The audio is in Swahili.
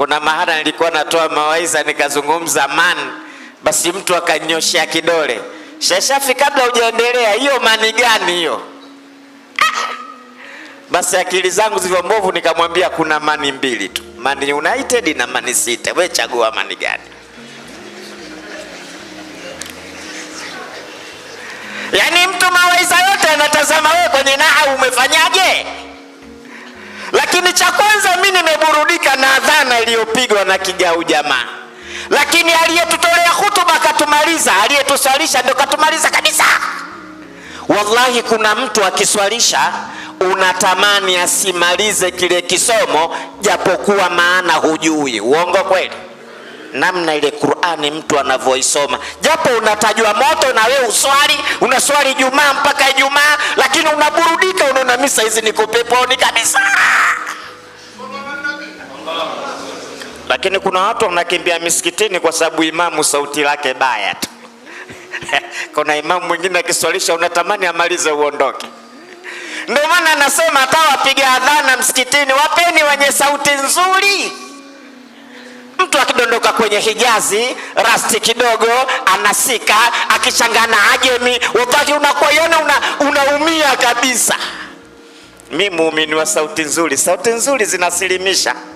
Kuna mahala nilikuwa natoa mawaidha nikazungumza man, basi mtu akanyoshea kidole, Shashafi, kabla hujaendelea, hiyo mani gani hiyo? Ah! Basi akili zangu zilivyo mbovu, nikamwambia kuna mani mbili tu, mani United na mani sita wewe chagua mani gani? Yaani mtu mawaidha yote anatazama wewe kwenye naa, umefanyaje? kupigwa na kijau jamaa. Lakini aliyetutolea hutuba katumaliza, aliyetuswalisha ndio katumaliza kabisa. Wallahi, kuna mtu akiswalisha unatamani asimalize kile kisomo, japokuwa maana hujui. Uongo kweli? namna ile Qur'ani mtu anavyoisoma, japo unatajwa moto na wewe uswali, unaswali Ijumaa mpaka Ijumaa, lakini unaburudika, unaona misa hizi niko peponi kabisa. Lakini kuna watu wanakimbia misikitini kwa sababu imamu sauti lake baya tu. Kuna imamu mwingine akiswalisha unatamani amalize uondoke. Ndio maana anasema hata wapiga adhana msikitini wapeni wenye sauti nzuri. Mtu akidondoka kwenye Hijazi rasti kidogo anasika, akichangana Ajemi wakati unakoiona unaumia kabisa. Mi muumini wa sauti nzuri, sauti nzuri zinasilimisha.